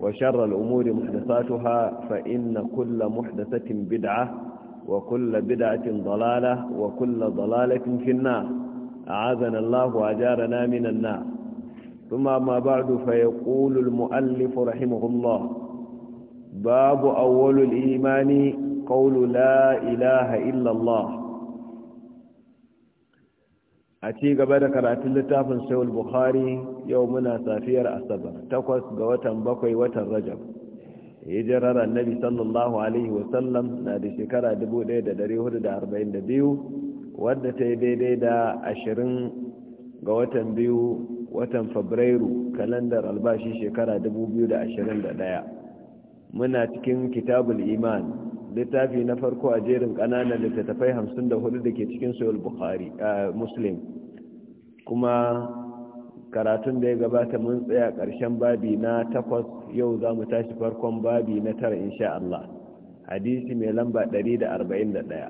وشر الأمور محدثاتها فإن كل محدثة بدعة وكل بدعة ضلالة وكل ضلالة في النار أعاذنا الله وأجارنا من النار ثم ما بعد فيقول المؤلف رحمه الله باب أول الإيمان قول لا إله إلا الله a ci gaba da karatun littafin shawul bukhari yau muna safiyar asabar takwas ga watan bakwai watan rajab hijirar annabi sallallahu alaihi wasallam na da shekara 1442 wadda ta yi daidai da ashirin ga watan biyu watan fabrairu kalandar albashi shekara 2021 muna cikin kitabul iman littafi na farko a jerin ƙananan littattafai 54 da ke cikin sayar bukhari eh, muslim kuma karatun da ya gabata mun tsaya ƙarshen babi na takwas yau za mu tashi farkon babi na tara insha Allah hadisi mai lamba ɗari da da ɗaya.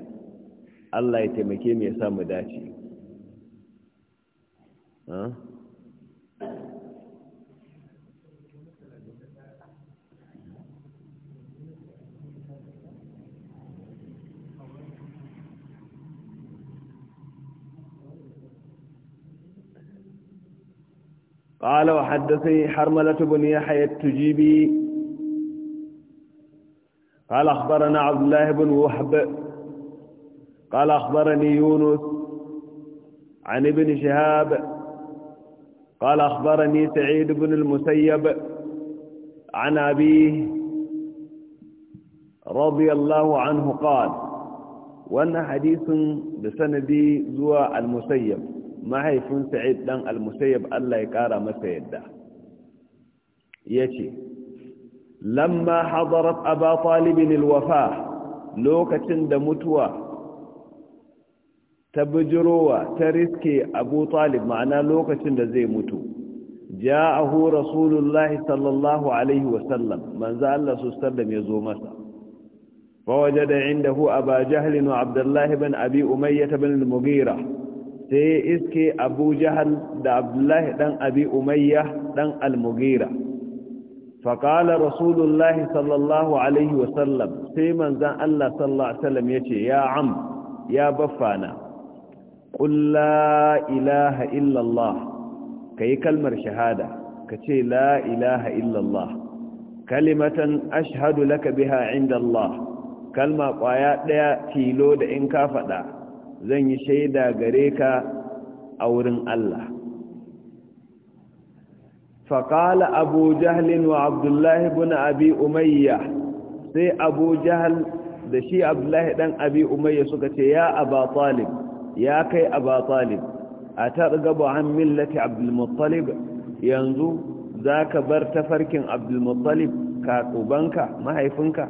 Allah ya taimake mu ya samu dace قال وحدثني حرملة بن يحيى التجيبي قال أخبرنا عبد الله بن وحب قال أخبرني يونس عن ابن شهاب قال أخبرني سعيد بن المسيب عن أبيه رضي الله عنه قال وأن حديث بسندي زوى المسيب mahaifin sa'id dan al-musayyab Allah ya kara masa yadda yace lamma hadarat aba talib al-wafa lokacin da mutuwa ta bijirowa ta riske abu talib ma'ana lokacin da zai mutu ja'ahu rasulullahi sallallahu alaihi sallam, manzo Allah su sallam ya zo masa fa wajada indahu aba jahl wa abdullah ibn abi umayyah ibn al-mughira sai iske abu jahal da abdullahi dan abi umayya dan al-mughira faƙala rasulullahi sallallahu alaihi wasallam sai manzan allah sallallahu alaihi wasallam ya ce ya am ya baffana قل لا إله إلا الله كي كلمة شهادة كتي لا إله إلا الله laka biha inda Allah kalma الله كلمة tilo da in ka كافتا zan yi shaida gare ka a wurin Allah faƙala abu jahlin wa abdullahi bin sai abu da shi abdullahi ɗan abi umayya suka ce ya aba talib ya kai aba talib a targaba an millati yanzu za ka bar tafarkin abdulmuttalib ka ubanka mahaifinka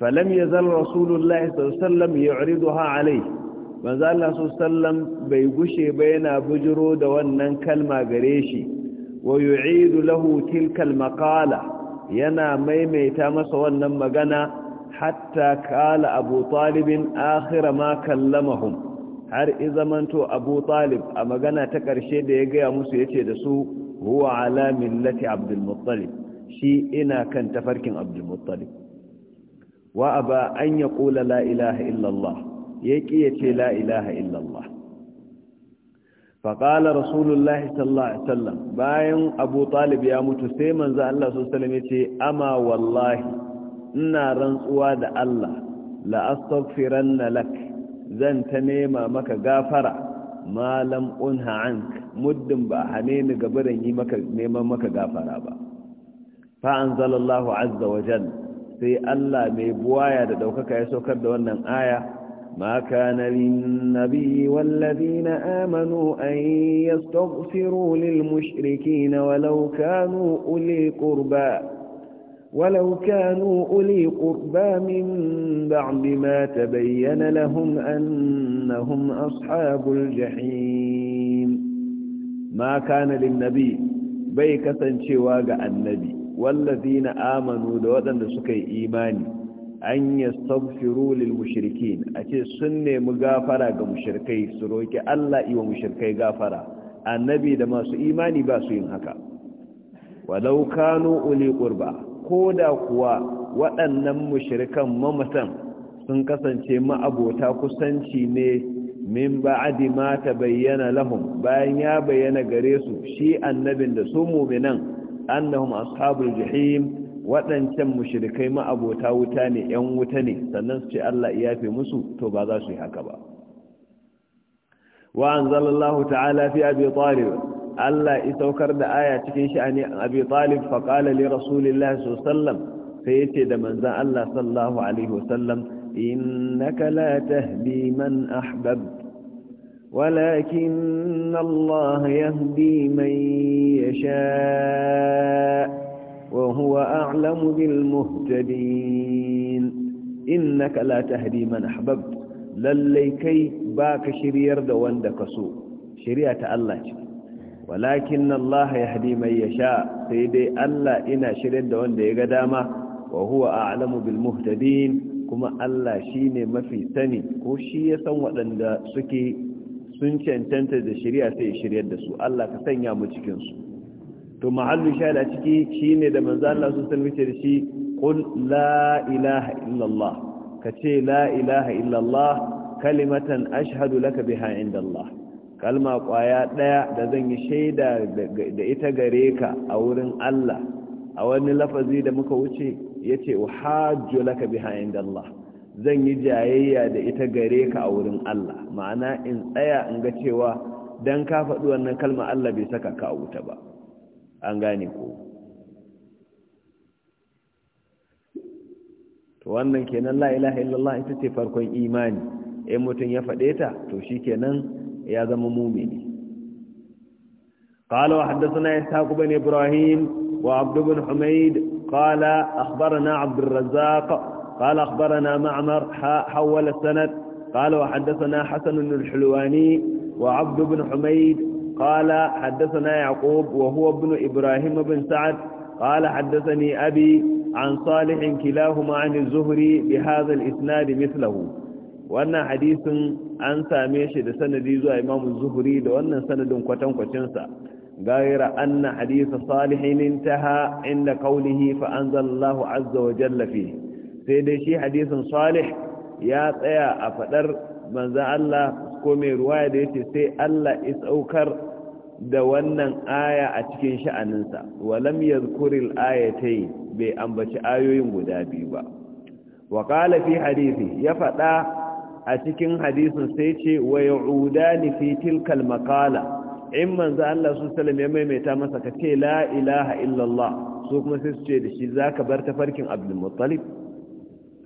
falam ya zal rasulullahi sallam ya rido ha alai manzo sallam bai gushe ba yana bujiro da wannan kalma gare shi wa yu'idu lahu tilkal maqala yana maimaita masa wannan magana hatta kala abu talibin akhira ma kallamahum har izamanto abu talib a magana ta karshe da ya gaya musu yace da su huwa ala millati abdul muttalib shi ina kan tafarkin abdul muttalib wa aba an ya ƙula la ilaha illallah ya ƙi ya ce la ilaha illallah faƙala rasulullahi sallallahu bayan abu talib ya mutu sai manza Allah sallallahu ya ce ama wallahi ina rantsuwa da Allah la'astaghfiranna lak zan ta nema maka gafara malam lam unha muddin ba hane ni gabaran yi maka neman maka gafara ba fa anzalallahu azza wa jalla sai Allah mai buwaya da daukaka ya saukar da wannan aya ما كان للنبي والذين آمنوا أن يستغفروا للمشركين ولو كانوا أولي قربى ولو كانوا أولي قربى من بعد ما تبين لهم أنهم أصحاب الجحيم ما كان للنبي بيكة شواق النبي na amanu da waɗanda suka yi imani an yastaghfiru lil mushrikin a ce sun nemi gafara ga mushrikai su roki Allah iwa mushrikai gafara annabi da masu imani ba su yin haka walau kanu uli qurba koda kuwa waɗannan mushrikan mamatan sun kasance ma'abota kusanci ne min ba'adi ma ta bayyana lahum bayan ya bayyana gare su shi annabin da su muminan annahum ashabul jahim waɗancan mushrikai ma'abota wuta ne yan wuta ne sannan su ce Allah ya yafe musu to ba za su yi haka ba wa anzalallahu ta'ala fi abi talib Allah ya saukar da aya cikin sha'ani abi talib fa qala li rasulillahi sallallahu alaihi wasallam sai yace da manzon Allah sallallahu alaihi wasallam innaka la tahdi man ahbabta ولكن الله يهدي من يشاء وهو أعلم بالمهتدين إنك لا تهدي من أحببت للي كي باك شرير دوان كسو شريعة الله ولكن الله يهدي من يشاء سيدي الله إنا شرير دواند يقداما وهو أعلم بالمهتدين كما الله شيني ما في سني كوشي يسوى لندا سكي sun cancanta da shari'a sai shiryar da su Allah ka sanya mu cikin su to mahallu shahada ciki shine da manzo Allah su san wuce da shi qul la ilaha illallah ka ce la ilaha illallah kalimatan ashhadu laka biha inda Allah kalma kwaya daya da zan yi shaida da ita gare ka a wurin Allah a wani lafazi da muka wuce yace uhajju laka biha inda Allah zan yi jayayya da ita gare ka a wurin Allah ma'ana in tsaya in ga cewa dan ka faɗi wannan kalma Allah bai saka ka a wuta ba an gane ko to wannan kenan la ilaha illallah ita ce farkon imani in mutum ya faɗe ta to kenan ya zama mumini قال وحدثنا إسحاق بن إبراهيم وعبد بن حميد قال أخبرنا عبد الرزاق قال أخبرنا معمر حول السند قال وحدثنا حسن الحلواني وعبد بن حميد قال حدثنا يعقوب وهو ابن إبراهيم بن سعد قال حدثني أبي عن صالح كلاهما عن الزهري بهذا الإسناد مثله وأن حديث عن ساميش لسند يزوى إمام الزهري لأن سند كتن كتنسى غير أن حديث صالح انتهى عند قوله فأنزل الله عز وجل فيه sai dai shi hadisin salih ya tsaya a fadar manzan Allah ko mai ruwaya da yace sai Allah isaukar da wannan aya a cikin sha'aninsa walam aya ayatayn bai ambaci ayoyin guda biyu ba wa fi hadisi ya fada a cikin hadisin sai ce wa ya'udani fi tilkal maqala in manzan Allah su ya maimaita masa ka ce la ilaha illallah su kuma sai su ce da shi zaka bar tafarkin abdul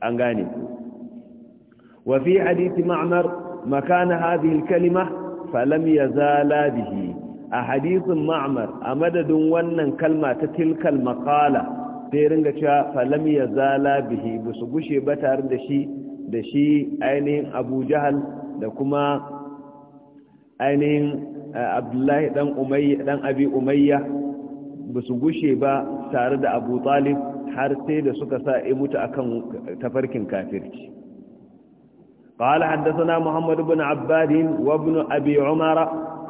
an gane wa fi hadisi makana hadhihi kalima falam yazala bihi a hadisin ma'mar a madadin wannan kalma ta tilkal maqala sai ringa cewa falam yazala bihi busu gushe ba tare da shi da shi ainihin Abu Jahal da kuma ainihin eh, Abdullahi dan Abi Umayya busu gushe ba tare da Abu Talib har sai da suka sa ya mutu akan tafarkin kafirci قال حدثنا محمد بن عباد وابن أبي عمر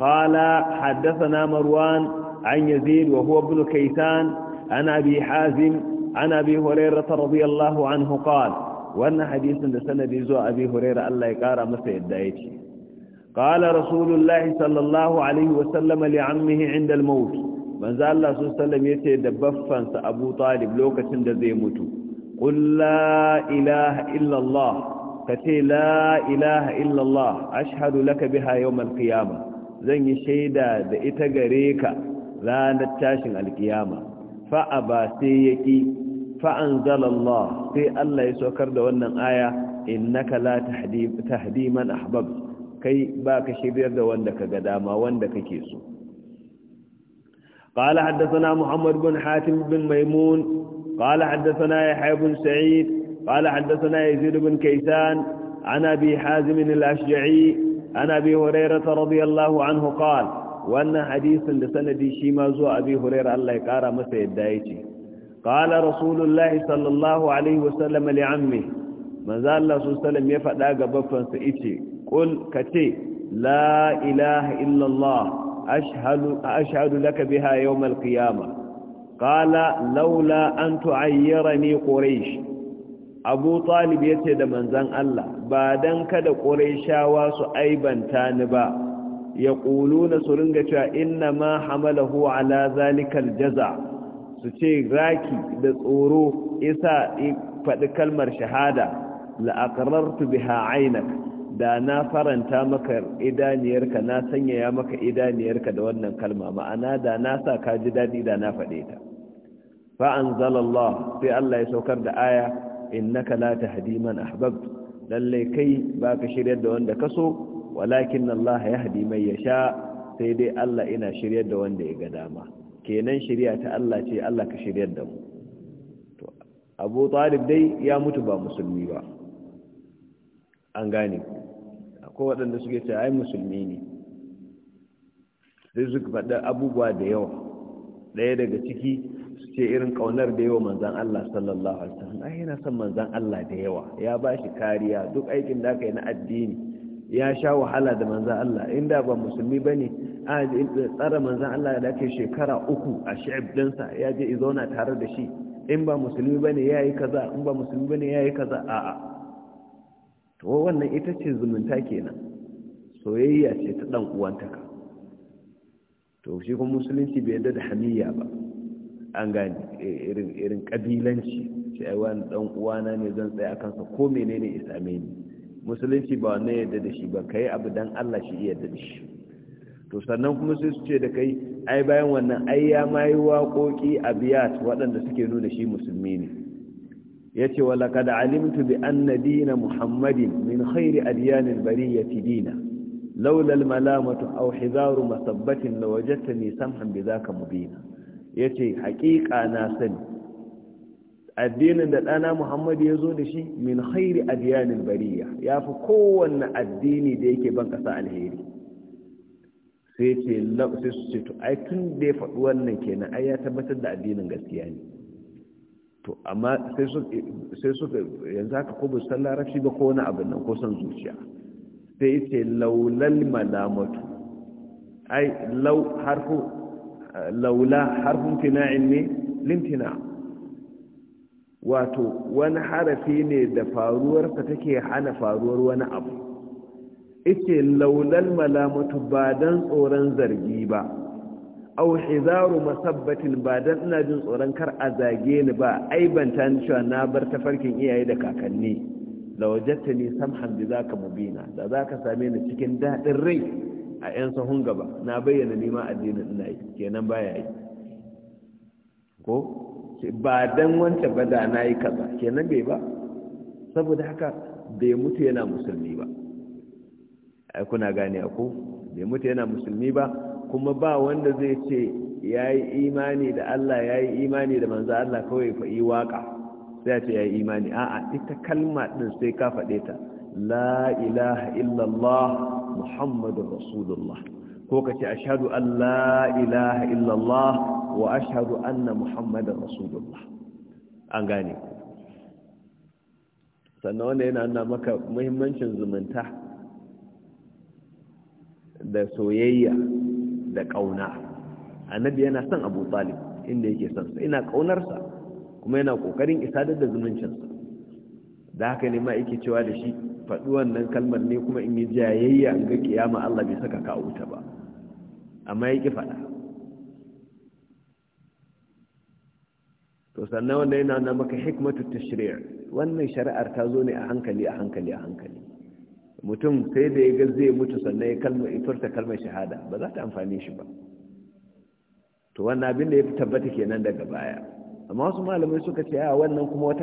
قال حدثنا مروان عن يزيد وهو ابن كيسان عن أبي حازم عن أبي هريرة رضي الله عنه قال وأن حديث لسنة ديزو أبي هريرة الله يقارى مسيد دايتي قال رسول الله صلى الله عليه وسلم لعمه عند الموت manzo Allah su sallam ya ce da baffansa abu talib lokacin da zai mutu qul la ilaha illallah ka ce la ilaha illallah ashhadu laka biha yawmal qiyamah zan yi shaida da ita gare ka ranar tashin alkiyama fa'a ba sai yaki fa'anzal Allah sai Allah ya saukar da wannan aya innaka la tahdi man ahbab kai ba ka shiryar da wanda ka ga dama wanda kake so قال حدثنا محمد بن حاتم بن ميمون قال حدثنا يحيى بن سعيد قال حدثنا يزيد بن كيسان عن أبي حازم الأشجعي عن أبي هريرة رضي الله عنه قال وأن حديث لسندي شيما زو أبي هريرة الله يقارى مسيد دايتي قال رسول الله صلى الله عليه وسلم لعمه ما زال الله صلى الله عليه وسلم يفعل أقبفا سئتي قل كتي لا إله إلا الله أشهد لك بها يوم القيامة قال لولا أن تعيرني قريش أبو طالب يتد من زن الله بعدن كد قريشا واسو أيبا تانبا يقولون سرنجة إنما حمله على ذلك الجزع سوچه راكي دسورو إسا فد كلمة شهادة لأقررت بها عينك da na faranta maka idaniyarka na sanyaya maka idaniyarka da wannan kalma ma'ana da na sa ka ji daɗi da na faɗe ta fa'an zalallah sai Allah ya saukar da aya innaka la tahdi man ahbabt lalle kai baka shiryar da wanda ka so walakin Allah ya hadi mai sha sai dai Allah ina shiryar da wanda ya ga dama kenan shirya ta Allah ce Allah ka shiryar da mu to Abu Talib dai ya mutu ba musulmi ba an gane ko waɗanda suke ce ai musulmi ne rizik faɗa abubuwa da yawa ɗaya daga ciki su ce irin ƙaunar da yawa manzan Allah sallallahu alaihi wasallam ai yana son manzan Allah da yawa ya ba shi kariya duk aikin da aka yi na addini ya sha wahala da manzan Allah inda ba musulmi bane a tsara manzan Allah da ake shekara uku a shi'ib dinsa ya je zauna tare da shi in ba musulmi bane yayi kaza in ba musulmi bane yayi kaza a'a to wannan ita ce zumunta kenan soyayya ce ta dan uwantaka to shi kuma musulunci bai yarda da hamiyya ba an ga eh, irin irin kabilanci sai ai wani dan uwana ne zan tsaya kansa ko menene isame ni musulunci ba wannan yarda da shi ba kai abu dan Allah shi yarda da shi to sannan kuma sai su ce da kai ai bayan wannan ai ya mayi waƙoƙi abiyat waɗanda suke nuna shi musulmi ne yace wa da alimtu bi anna dina muhammadin min khairi adyanil bariyati dina laula al malamatu aw hizaru masabbatin lawajadtani samhan bidhaka mubina yace haƙiƙa na sani addinin da ɗana muhammadu ya zo da shi min khairi adiyanin bariya ya fi kowanne addini da yake ban ƙasa alheri sai ce ai tun da ya faɗi wannan kenan ai ya tabbatar da addinin gaskiya ne to amma sai su yanzu haka ko bai san larabci ba ko wani abin nan ko san zuciya sai ce laulal malamatu ai lau harfu laula harfun tina'in ne limtina wato wani harafi ne da faruwar ka take hana faruwar wani abu ita laulal malamatu ba don tsoron zargi ba au hizaru masabbatin ba dan ina jin tsoron kar a zage ni ba ai ban ta ni cewa na bar tafarkin iyaye da kakanni la wajatta ni samhan bi zaka mubina da zaka same ni cikin dadin rai a yan sahun gaba na bayyana ni ma addinin ina yi kenan baya yi ko ba dan wanda ba da na yi kaza kenan bai ba saboda haka bai mutu yana musulmi ba ai kuna gane ko bai mutu yana musulmi ba kuma ba wanda zai ce ya yi imani da Allah ya yi imani da manzo Allah kawai fa'i waƙa sai ce ya yi imani a'a ita kalma ɗin sai ka faɗe ta la ilaha illallah muhammadun rasulullah ko ka ce ashadu an la ilaha illallah wa ashadu na muhammadun rasulullah an gane sannan wanda yana nuna maka muhimmancin zumunta da soyayya da ƙauna annabi yana son abu talib inda yake son sa ina ƙaunarsa kuma yana ƙoƙarin isadar da zumuncinsa da haka ne ma yake cewa da shi faɗi wannan kalmar ne kuma in yi jayayya an ga kiyama Allah bai saka ka wuta ba amma ya ƙi faɗa to sannan wanda yana na maka hikmatu ta tashri' wannan shari'ar ta zo ne a hankali a hankali a hankali mutum sai da ya ga zai mutu sannan ya kalma kalmar shahada ba za ta amfani shi ba to wannan abin da ya fi tabbata kenan daga baya amma wasu malamai suka ce a wannan kuma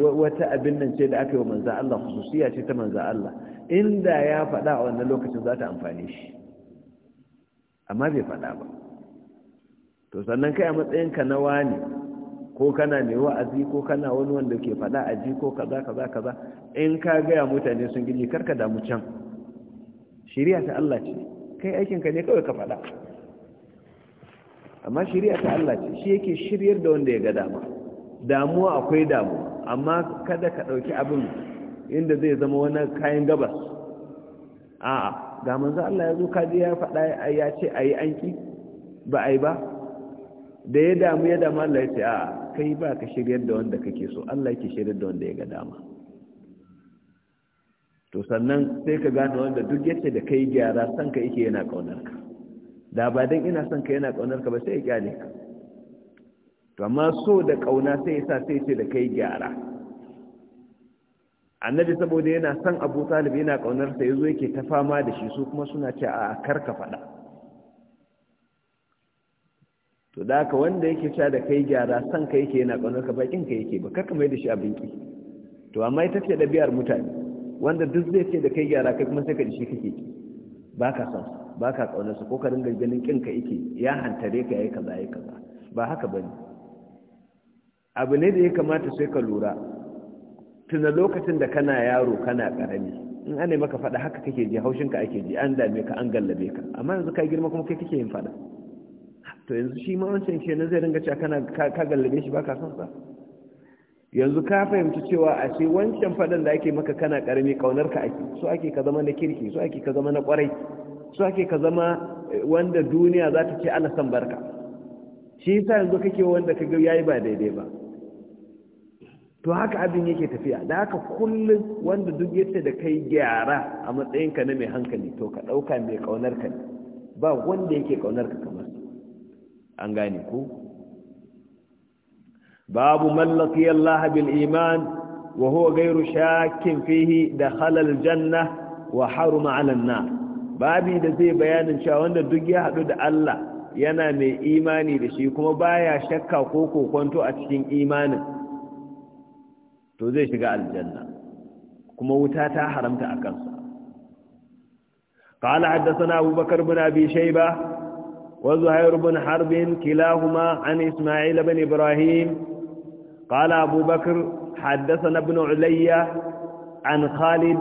wata abin nan ce da aka yi wa manza Allah hususiya ce ta manza Allah inda ya faɗa a wannan lokacin za ta amfani shi amma bai faɗa ba to sannan kai a matsayinka na wani ko kana mai wa'azi ko kana wani wanda ke faɗa a ji ko kaza kaza kaza in ka gaya mutane sun gini karka damu can shari'a ta Allah ce kai aikinka ne kawai ka faɗa amma shari'a ta Allah ce shi yake shiryar da wanda ya ga dama damuwa akwai damu amma kada ka ɗauki abin inda zai zama wani kayan gabas a'a ga manzo Allah ya zo ji ya faɗa ya ce ayi anki ba ai ba da ya damu ya damu Allah ya ce a'a kai ba ka shiryar da wanda kake so Allah yake shiryar da wanda ya ga dama to sannan sai ka gane wanda duk yadda da kai gyara san ka yake yana kaunar ka da ba dan ina son ka yana kaunar ka ba sai ya kyale ka to amma so da kauna sai ya sa sai ce da kai gyara annabi saboda yana son Abu Talib yana kaunar sa yazo yake ta fama da shi su kuma suna ce a karka fada to da haka wanda yake sha da kai gyara san ka yake yana ƙaunar ka bakin ka yake ba kaka mai da shi abin ki to amma ita ce ɗabi'ar mutane wanda duk zai ce da kai gyara kai kuma sai ka dishi kake ki ba ka san ba ka ƙaunarsa, su ko ka dinga ganin kin ka yake ya hantare ka yayi kaza yayi kaza ba haka bane abu ne da ya kamata sai ka lura tuna lokacin da kana yaro kana ƙarami in an yi maka faɗa haka kake ji haushinka ake ji an dame ka an gallabe ka amma yanzu ka girma kuma kai kake yin faɗa to yanzu shi ma wancan kenan zai ringa cewa kana ka gallabe shi baka son sa yanzu ka fahimci cewa a ce wancan fadan da ake maka kana karami kaunar ka ake so ake ka zama na kirki so ake ka zama na kwarai so ake ka zama eh, wanda duniya za ta ce ana san barka shi yasa yanzu kake wanda ka ga yayi ba daidai ba to haka abin yake tafiya da haka kullum wanda duk yace da kai gyara a matsayinka na mai hankali to ka dauka mai kaunar ka ba wanda yake kaunar ka an gane ku babu mallaki Allah bil iman wa huwa ghayru shakkin fihi dakhala al janna wa haruma ala an nar babi da zai bayanin cewa wanda duk ya hadu da Allah yana mai imani da shi kuma baya shakka ko kokonto a cikin imanin to zai shiga aljanna kuma wuta ta haramta a kansa قال حدثنا أبو بكر بن أبي شيبة وزهير بن حرب كلاهما عن إسماعيل بن إبراهيم قال أبو بكر حدثنا ابن علي عن خالد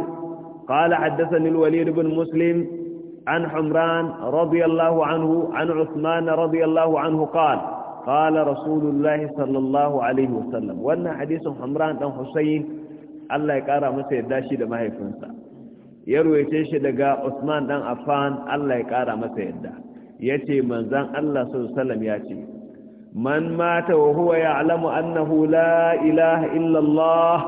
قال حدثني الوليد بن مسلم عن حمران رضي الله عنه عن عثمان رضي الله عنه قال قال رسول الله صلى الله عليه وسلم وأن حديث حمران عن حسين الله يقرأ مسير داشي لما هي فنسا يروي تيشي لقى عثمان عن أفان الله يقرأ مسير داشي ya ce manzan Allah sun salam ya ce man mata wa huwa ya ya'lamu annahu la ilaha illa Allah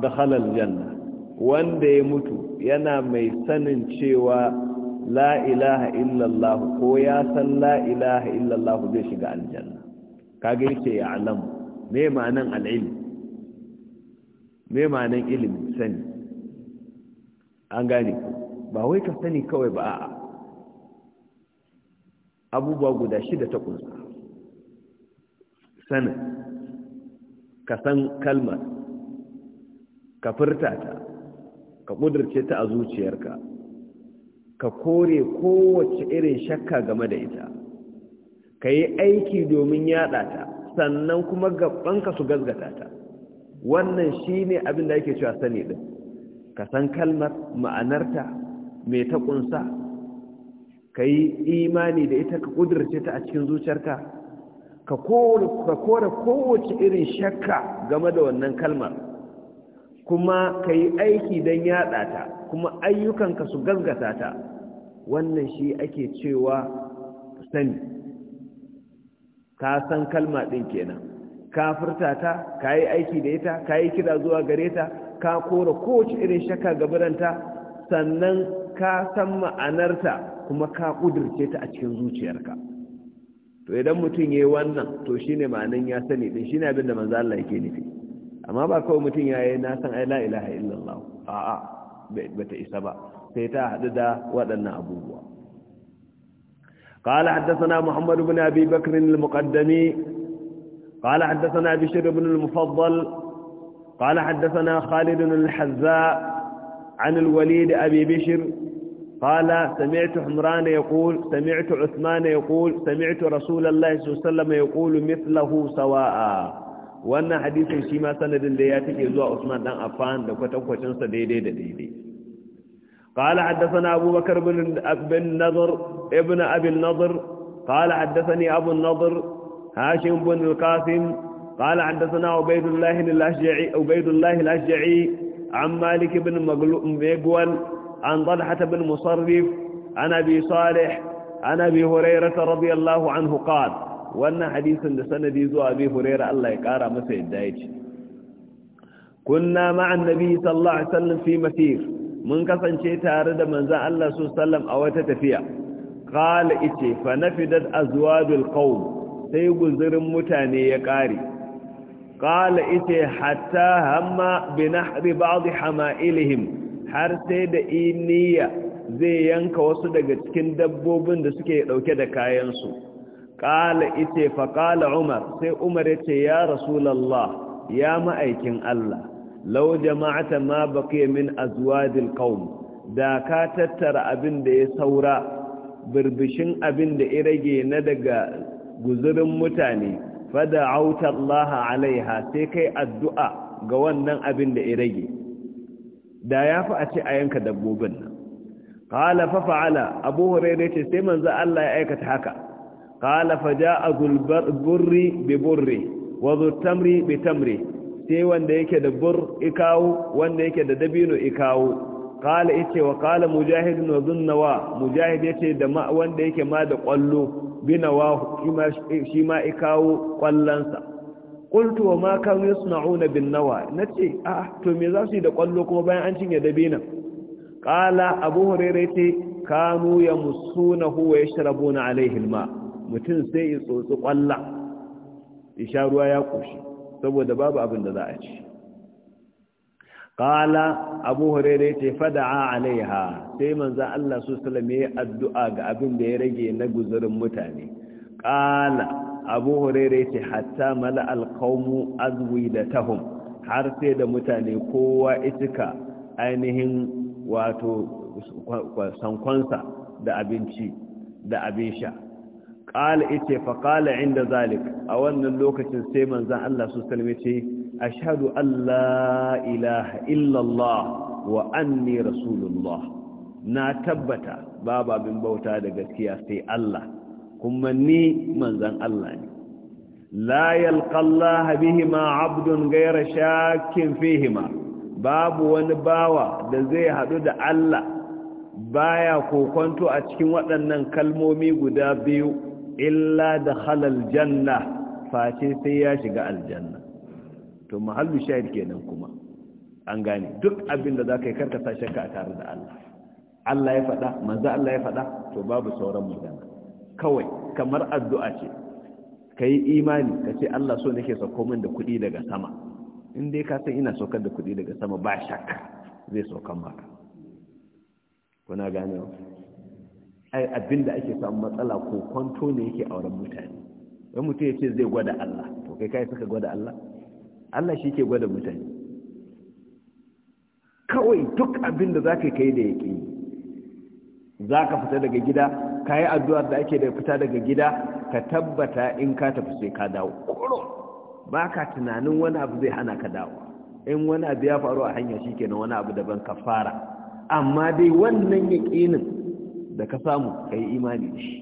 halal janna wanda ya mutu yana mai sanin cewa la ilaha illa Allah ko ya san la ilaha illa Allah zai shiga aljanna kage yace alamu me ma'anan al'ilm me ma'anan ilimi sani an gane ba wai ka sani kawai ba a'a abubuwa guda shida ta kunsa sanin ka san kalmar ka furta ta ka ƙudurce ta a zuciyarka ka kore kowace irin shakka game da ita ka yi aiki domin yaɗa ta sannan kuma gabanka su gazgata ta wannan shi ne abin da ake cewa sani ɗin ka san kalmar ma'anarta mai ta ƙunsa ka yi imani da ita ka ƙudurce ta a cikin zuciyarka ka kora kowace irin shakka game da wannan kalmar kuma ka yi aiki don yaɗa ta kuma ayyukanka su gasgata ta wannan shi ake cewa sani ka san kalma ɗin kenan ka furta ta ka yi aiki da ita ka yi kira zuwa gare ta ka kora kowace irin shakka gabaranta sannan ka san ma'anarta kuma ka kudirce ta a cikin zuciyarka to idan mutum yayi wannan to shine ma'anan ya sani din shine ne abin da manzo Allah yake nufi amma ba kawai mutum yayi na san ai la ilaha illallah a'a ba ta isa ba sai ta hadu da waɗannan abubuwa قال حدثنا محمد بن أبي بكر المقدمي قال حدثنا بشر بن المفضل قال حدثنا خالد الحذاء عن الوليد أبي بشر قال سمعت حمران يقول سمعت عثمان يقول سمعت رسول الله صلى الله عليه وسلم يقول مثله سواء وانا حديث شيما سند دياتك يزوى عثمان دان أفان لكتن كتن سديدي ديدي قال حدثنا أبو بكر بن ابن نظر ابن أبي النظر قال حدثني أبو النظر هاشم بن القاسم قال حدثنا عبيد الله الأشجعي عبيد الله الأشجعي عن مالك بن مقول عن طلحة بن مصرف عن أبي صالح عن أبي هريرة رضي الله عنه قال وأن حديث لسند زو أبي هريرة الله يقارى مسعد دايج كنا مع النبي صلى الله عليه وسلم في مسير من كسن شيء تارد من زاء الله صلى الله عليه وسلم أو تتفيع قال إتي فنفدت أزواج القوم سيقول زر متاني يقاري قال إتي حتى هم بنحر بعض حمائلهم har sai da iniya zai yanka wasu daga cikin dabbobin da suke dauke da kayansu qala ite fa qala umar sai umar yace ya rasulullah ya ma'aikin Allah law jama'ata ma baqiya min azwadil qaum da ka tattara abin da ya saura birbishin abin da ya rage na daga guzurin mutane fada auta Allah alaiha sai kai addu'a ga wannan abin da ya rage da ya fi a ce a yanka dabbobin nan ƙala fa fa'ala abu hurairu ce sai manzo Allah ya aikata haka ƙala fa ja'a burri bi burri wa tamri bi tamri sai wanda yake da bur ikawo wanda yake da dabino ikawo kala yace wa ƙala mujahid wa zunnawa mujahid yace da wanda yake ma da kwallo binawa shi ma ikawo kwallansa qultu wa ma kanu auna bin nawa nace a to me za su yi da kwallo kuma bayan an cinye dabina? qala abu hurairah yace kanu Huwa wa yashrabuna alayhi alma mutun sai ya tsotsi kwalla isha ruwa ya koshi saboda babu abin da za a ci Ƙala abu hurairah yace a alaiha sai manzo Allah sallallahu alaihi wasallam addu'a ga abin da ya rage na guzurin mutane qala abu huraira yace hatta mala da tahun har sai da mutane kowa itika ainihin wato sankonsa da abinci da abin sha qala ice fa inda zalik a wannan lokacin sai manzon Allah su salme ce ashhadu an ilaha wa anni rasulullah na tabbata babu abin bauta da gaskiya sai Allah kuma ni manzan Allah ne la yalqallaha bihima abdun ghayra shakkin fihima babu wani bawa da zai hadu da Allah baya kokonto a cikin waɗannan kalmomi guda biyu illa da halal janna face sai ya shiga aljanna to mahallu shahid kenan kuma an gane duk abin da zaka yi karkata shakka a tare da Allah Allah ya faɗa manzo Allah ya faɗa to babu sauran magana kawai kamar addu'a ce ka yi imani ka ce Allah so nake sauko min da kuɗi daga sama in dai ka san ina saukar da kuɗi daga sama ba shakka zai saukan maka kuna gane ai abinda ake samun matsala ko kwanto ne yake auren mutane Wai mutum ya zai gwada Allah to kai kai suka gwada Allah Allah shi ke gwada mutane kawai duk abinda za ka kai da yake za ka fita daga gida ka yi addu'ar da ake da fita daga gida ka tabbata in ka tafi sai ka dawo ƙoro ba ka tunanin wani abu zai hana ka dawo in wani abu ya faru a hanya shi kenan wani abu daban ka fara amma dai wannan yaƙinin da ka samu ka yi imani da shi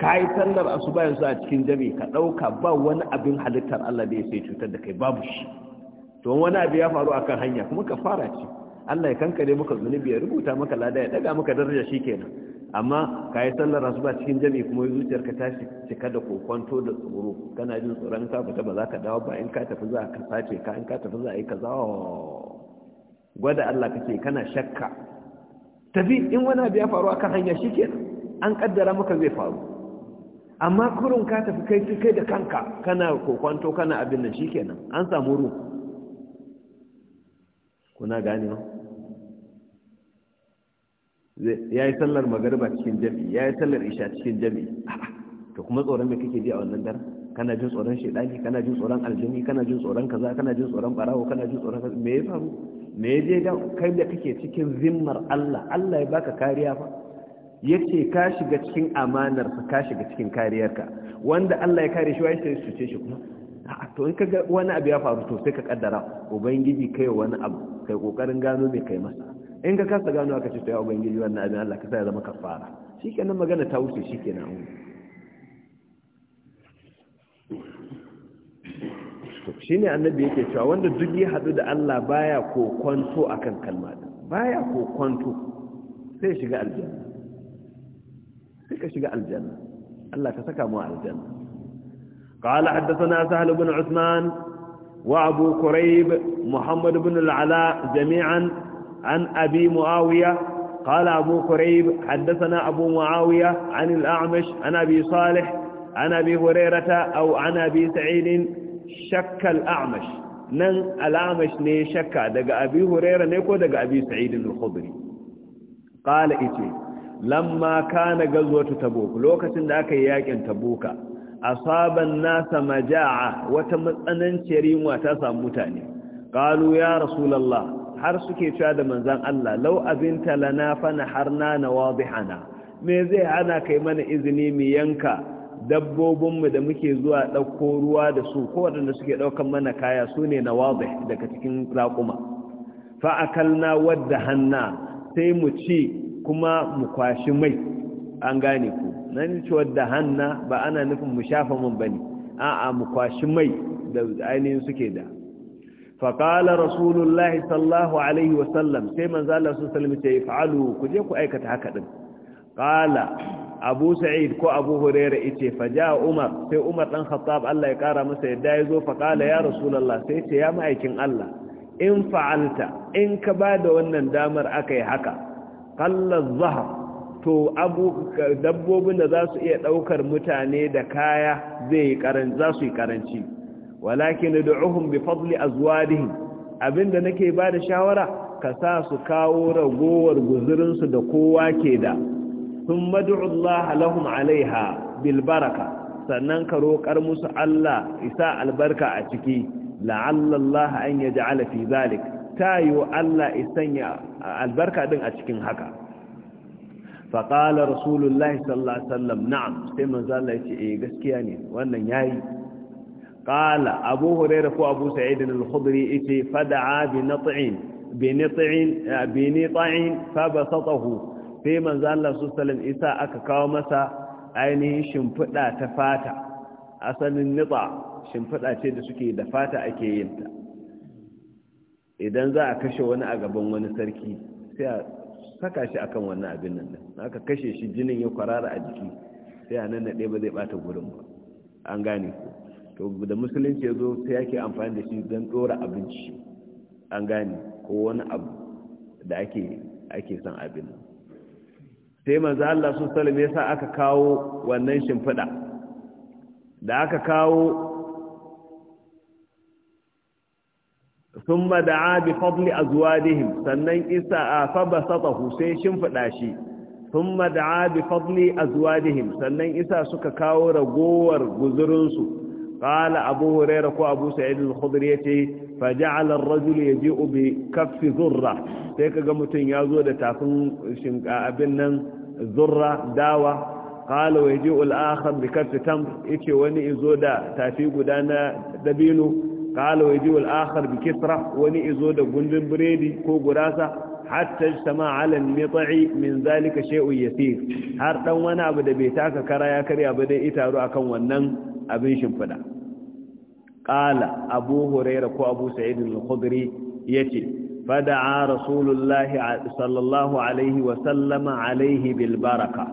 ka yi sallar asuba su a cikin jami ka ɗauka ba wani abin halittar Allah da ya sai cutar da kai babu shi to wani abu ya faru akan hanya kuma ka fara ce Allah ya kankare maka zunubi ya rubuta maka lada ya daga maka daraja shi kenan amma ka yi sallar ba cikin jami kuma ka ta cika da kokonto da tsoro kana jin tsoron ka fita ba za ka dawo ba in ka tafi za ka sace ka in ka tafi za a yi kaza oh. gwada Allah kake kana shakka tafi in wani abu ya faru akan hanya ke an kaddara maka zai faru amma kurun ka tafi kai kai da kanka kana kokonto kana abin nan shikenan an samu ruhu kuna ganewa ya yi sallar magariba cikin jami'i ya yi sallar isha cikin jami'i to kuma tsoron mai kake ji a wannan dare? kana jin tsoron shaidani kana jin tsoron aljini kana jin tsoron kaza kana jin tsoron barawo kana jin tsoron kaza me ya faru me ya je da kai da kake cikin zimmar Allah Allah ya baka kariya fa yace ka shiga cikin amanar sa ka shiga cikin kariyarka wanda Allah ya kare shi wai sai su ce shi kuma to in kaga wani abu ya faru to sai ka kaddara ubangiji kai wani abu kai kokarin gano me kai masa in ka kasa gano aka ce to ya ubangiji wannan abin Allah ka sa ya zama kafara shikenan magana ta wuce shikenan an to shine annabi yake cewa wanda duk ya hadu da Allah baya kokonto akan kalma baya kokonto sai shiga aljanna sai ka shiga aljanna Allah ka saka mu aljanna قال حدثنا سهل بن عثمان وابو كريب محمد بن العلاء جميعا عن أبي معاوية قال أبو قريب حدثنا أبو معاوية عن الأعمش عن أبي صالح عن أبي هريرة أو عن أبي سعيد شك الأعمش نن الأعمش ني شك دق أبي هريرة نيكو دق أبي سعيد الخضري قال إتي لما كان غزوة تبوك لوكة داك ياكن تبوك أصاب الناس مجاعة وتمثنن شريم وتسام متاني قالوا يا رسول الله har suke cewa da manzan Allah lau abinta lana fana harna na wadihana me zai hana kai mana izini mu yanka dabbobinmu da muke zuwa ɗauko ruwa da su ko waɗanda suke ɗaukan mana kaya su ne na wadih daga cikin raƙuma fa'akalna wadda hanna sai mu ci kuma mu kwashi mai an gane ku nan ci wadda hanna ba ana nufin mu shafa ba ne. a'a mu kwashi mai da ainihin suke da faƙala rasulullahi sallahu alaihi wasallam sai manzo Allah su salmi ce if'alu ku je ku aikata haka din ƙala abu sa'id ko abu huraira ice faja umar sai umar ɗan khattab Allah ya kara masa yadda ya zo faƙala ya rasulullah sai ce ya ma'aikin Allah in fa'alta in ka ba da wannan damar aka yi haka kallar zahar to dabbobin da za su iya ɗaukar mutane da kaya zai yi za su yi karanci walakin ud'uhum bi fadli azwadihim abinda nake ba da shawara ka sa su kawo ragowar guzurin su da kowa ke da thumma ud'u Allah lahum alaiha bil baraka sannan ka roƙar musu Allah isa albarka a ciki la'alla Allah an yaj'ala fi zalik tayo Allah isanya albarka din a cikin haka faƙalar rasulullahi sallallahu alaihi wasallam na'am sai manzo Allah ya ce eh gaskiya ne wannan yayi Ƙala abu hurairah ko abu sa'id al-khudri yace fada'a bi nat'in bi sai manzo Allah isa aka kawo masa ainihin shimfida ta fata asalin nitsa shimfida ce da suke da fata ake yin idan za a kashe wani a gaban wani sarki sai saka shi akan wannan abin nan aka kashe shi jinin ya kwarara a jiki sai a naɗe ba zai bata gurin ba an gane to da musulunci ya zo sai ake amfani da shi don tsora abinci an gane ko wani abu da ake ake son abin sai manzo Allah su salam ya sa aka kawo wannan shimfiɗa da aka kawo sun da bi fadli azwadihim sannan isa a fabasatahu sai shimfiɗa shi sun da bi fadli azwadihim sannan isa suka kawo ragowar guzurinsu qala abu huraira ko abu sa'id al-khudri yace fa ja'ala ar-rajul yaji'u bi kaffi zurra sai kaga mutun yazo da tafin shinka abin nan zurra dawa قال ويجيء الآخر بكف تمر إيكي وني إزودا تافيق دانا دبينو قال ويجيء الآخر بكسرة وني إزودا قندن بريدي كو قراسة حتى اجتمع على النطع من ذلك شيء يسير هارتن وانا أبدا بيتاك كرايا كريا أبدا إتارو أكون ونن أبنشن فدا qala abu huraira ko abu sa'id al-khudri yace fada'a rasulullahi sallallahu alaihi wa sallama alaihi bil baraka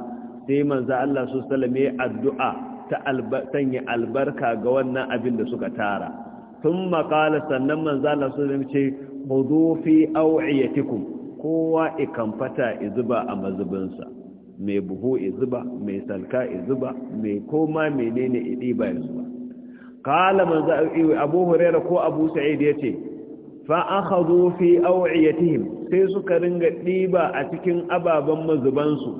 sai manzo Allah su sallame addu'a ta sanya albarka ga wannan abin da suka tara thumma qala sannan manzo Allah su sallame ce fi aw'iyatikum kowa ikamfata izuba a mazubinsa mai buhu izuba mai salka izuba mai koma menene idiba izuba qala manzo abu hurairah ko abu sa'id yace fa akhadhu fi aw'iyatihim sai suka ringa ɗiba a cikin ababan mazubansu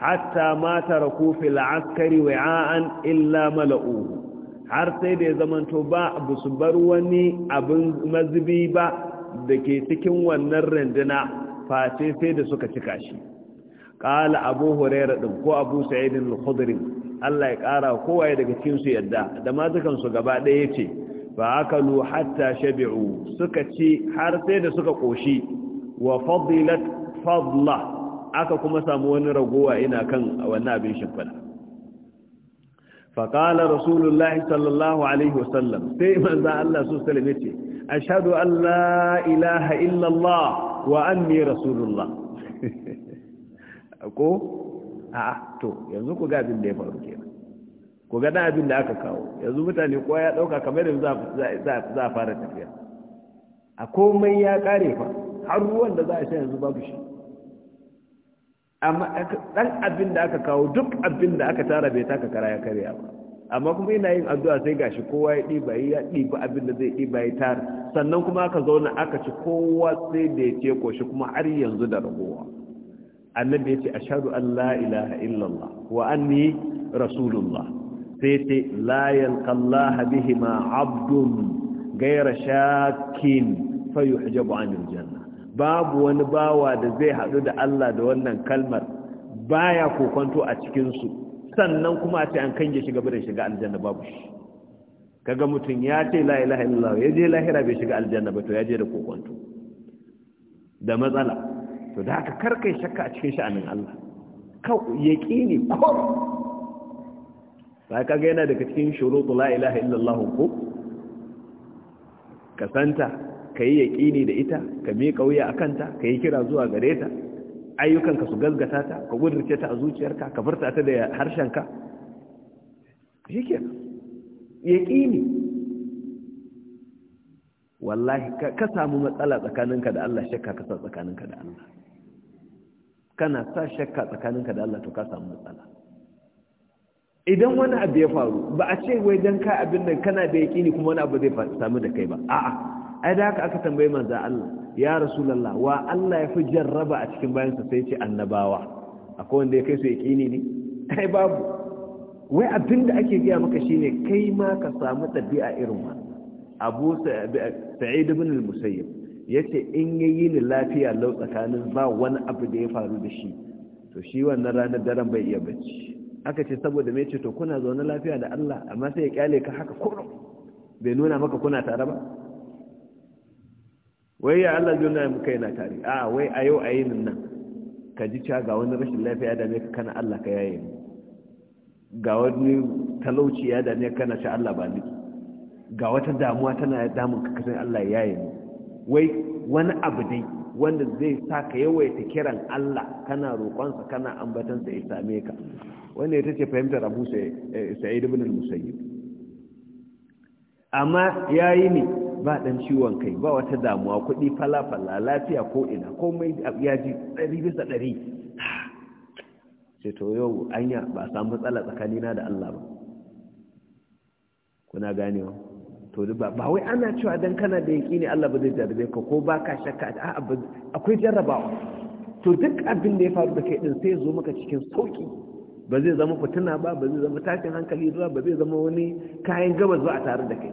hatta ma taraku fil askari wi'an illa mala'u har sai da ya zamanto ba abu su bar wani abin mazubi ba da ke cikin wannan randuna face sai da suka cika shi ƙala abu hurairah din ko abu sa'id al-khudri Allah ya ƙara kowaye daga cikin su yadda da mazukan su gaba ɗaya ce fa akalu hatta shabi'u suka ci har sai da suka koshi wa fadilat fadla aka kuma samu wani ragowa ina kan wannan abin shimfida fa qala rasulullahi sallallahu alaihi wasallam sai manzo Allah su sallame ce ashhadu an ilaha illallah wa anni rasulullah ko a'a to yanzu ku ga abin da ya faru ke ku ga abin da aka kawo yanzu mutane kowa ya dauka kamar yanzu za a fara tafiya a komai ya kare fa har ruwan da za a sha yanzu babu shi amma dan abin da aka kawo duk abin da aka tara bai taka kara ya karya ba amma kuma ina yin addu'a sai gashi kowa ya ɗiba ya ɗiba abin da zai ɗiba ya tara sannan kuma aka zauna aka ci kowa sai da ya ce koshi kuma har yanzu da ragowa annabi ya ce ashadu an la ilaha illallah wa anni rasulullah sai ce la yalqallaha bihima abdun gaira shakin hajjabu an janna babu wani bawa da zai haɗu da Allah da wannan kalmar baya kokonto a cikinsu sannan kuma a ce an kange shiga shiga aljanna babu shi kaga mutum ya ce la ilaha illallah ya je lahira bai shiga aljanna ba to ya je da kokonto da matsala to da haka karkai shakka a cikin sha'anin Allah kawai ne ko ba kaga yana daga cikin shurutu la ilaha illallah ko ka santa ka yi yaƙini da ita ka miƙa wuya a kanta ka yi kira zuwa gare ta ka su gazgata ta ka gudurce ta a zuciyarka ka furta ta da harshenka shi ke yaƙini wallahi ka samu matsala tsakaninka da Allah shakka kasa tsakaninka da Allah kana sa shakka tsakaninka da Allah to ka samu matsala idan wani abu ya faru ba a ce wai dan ka abin nan kana da yaqini kuma wani abu zai samu da kai ba a'a ai da haka aka tambaye manzo Allah ya rasulullah wa Allah ya fi jarraba a cikin bayansa sai ce annabawa akwai wanda ya kai su yaqini ne ai babu wai abin da ake gaya maka shine kai ma ka samu ɗabi'a irin wannan abu sa'id ibn al-musayyib ya ce in ya yi ni lafiya lau tsakanin ba wani abu da ya faru da shi to shi wannan ranar daren bai iya bacci aka ce saboda mai ce to kuna zaune lafiya da Allah amma sai ya kyale ka haka koro bai nuna maka kuna tare ba wai ya Allah juna ya kai na tare a wai a yau a yi nan ka ji cewa ga wani rashin lafiya da ne kana Allah ka yaye mu ga wani talauci ya da ne kana sha Allah ba ni ga wata damuwa tana damun ka kasan Allah ya yaye mu wai wani abu dai wanda zai sa ka yawaita kiran Allah kana roƙonsa kana ambatansa ya same ka wanda ta ce fahimtar abu eh, sa'id ibn al-musayyib amma yayi ne ba dan ciwon kai ba wata damuwa kuɗi fala lafiya ko ina komai ya ji ɗari bisa ɗari sai yau anya ba samu tsala tsakanina da Allah ba kuna ganewa to ba ba wai ana cewa dan kana da ne Allah ba zai jarabe ka ko ba ka shakka a'a akwai jarrabawa to duk abin da ya faru da kai din sai zo maka cikin sauki ba zai zama fitina ba ba zai zama tashin hankali ba ba zai zama wani kayan gabas ba a tare da kai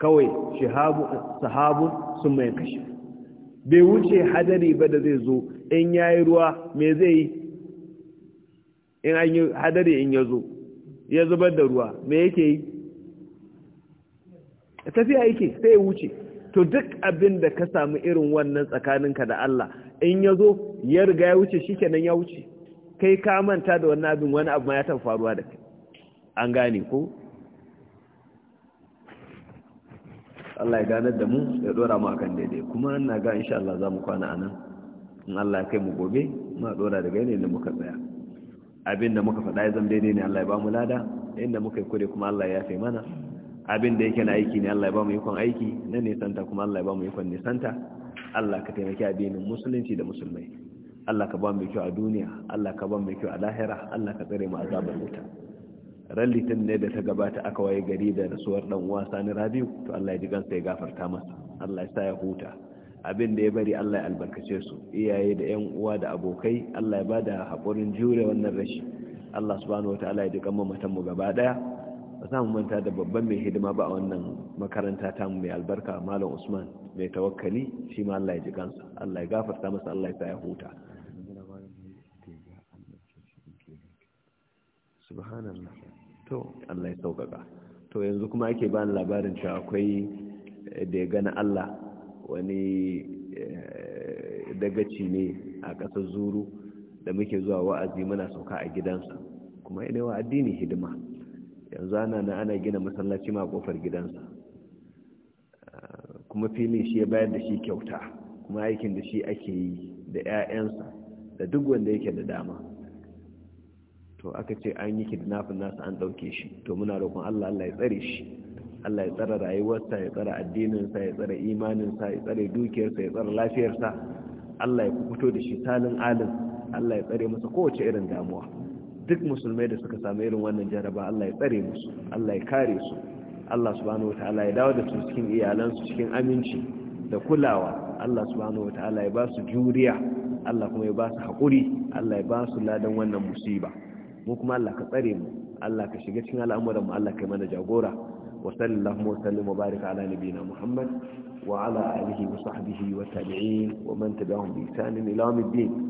kawai shahabu sahabu sun mai kashi bai wuce hadari ba da zai zo in yayi ruwa me zai yi in an yi hadari in ya zo ya zubar da ruwa me yake yi tafiya yake sai ya wuce to duk abin da ka samu irin wannan tsakaninka da Allah in ya zo ya riga ya wuce shi kenan ya wuce kai ka manta da wannan abin wani abu ma ya taɓa faruwa da kai an gane ko Allah ya ganar da mu ya dora mu akan daidai kuma ina ga insha Allah za mu kwana anan in Allah ya kai mu gobe mu dora daga gane inda muka tsaya abin da muka faɗa ya zama daidai ne Allah ya ba mu lada inda muka yi kure kuma Allah ya yafe mana abin da yake na aiki ne Allah ya ba mu ikon aiki na nisanta kuma Allah ya ba mu ikon nisanta Allah ka taimaki abinin musulunci da musulmai Allah ka ba mu kyau a duniya Allah ka ba mu kyau a lahira Allah ka tsare mu azabar wuta ran litin ne da ta gabata aka waye gari da rasuwar dan uwa Sani Rabiu to Allah ya ji gansa ya gafarta masa Allah ya sa ya huta abin da ya bari Allah ya albarkace su iyaye da ƴan uwa da abokai Allah ya bada haƙurin jure wannan rashi Allah subhanahu wataala ya ji kan mamatan mu gaba daya ba za mu manta da babban mai hidima ba a wannan makaranta ta mu mai albarka malam usman mai tawakkali shi ma Allah ya ji kansa Allah ya gafarta masa Allah ya sa ya huta subhanallah to Allah ya saukaka to yanzu kuma ake ba ni labarin cewa akwai eh, da ya gana Allah wani eh, dagaci ne a ƙasar zuru da muke zuwa wa'azi muna sauka a gidansa kuma yana wa addini hidima yanzu ana na ana gina masallaci ma kofar gidansa kuma filin shi ya bayar da shi kyauta kuma aikin da shi ake yi da 'ya'yansa da duk wanda yake da dama to aka ce an yi kidnafin nasa an ɗauke shi to muna roƙon Allah Allah ya tsare shi Allah ya tsara rayuwarsa ya tsare addininsa ya tsara imaninsa ya tsare dukiyarsa ya tsara lafiyarsa Allah ya fito da shi salin alin Allah ya tsare masa kowace irin damuwa duk musulmai da suka samu irin wannan jaraba Allah ya tsare musu Allah ya kare su Allah subhanahu wataala ya dawo da su cikin iyalansu cikin aminci da kulawa Allah subhanahu wataala ya ba su juriya Allah kuma ya ba su haƙuri Allah ya ba su ladan wannan musiba mu kuma Allah ka tsare mu Allah ka shiga cikin al'amuran mu Allah kai mana jagora wa sallallahu wa sallam wa barika ala nabiyina Muhammad wa ala alihi wa sahbihi wa tabi'in wa man tabi'ahum bi ihsan ila yawmiddin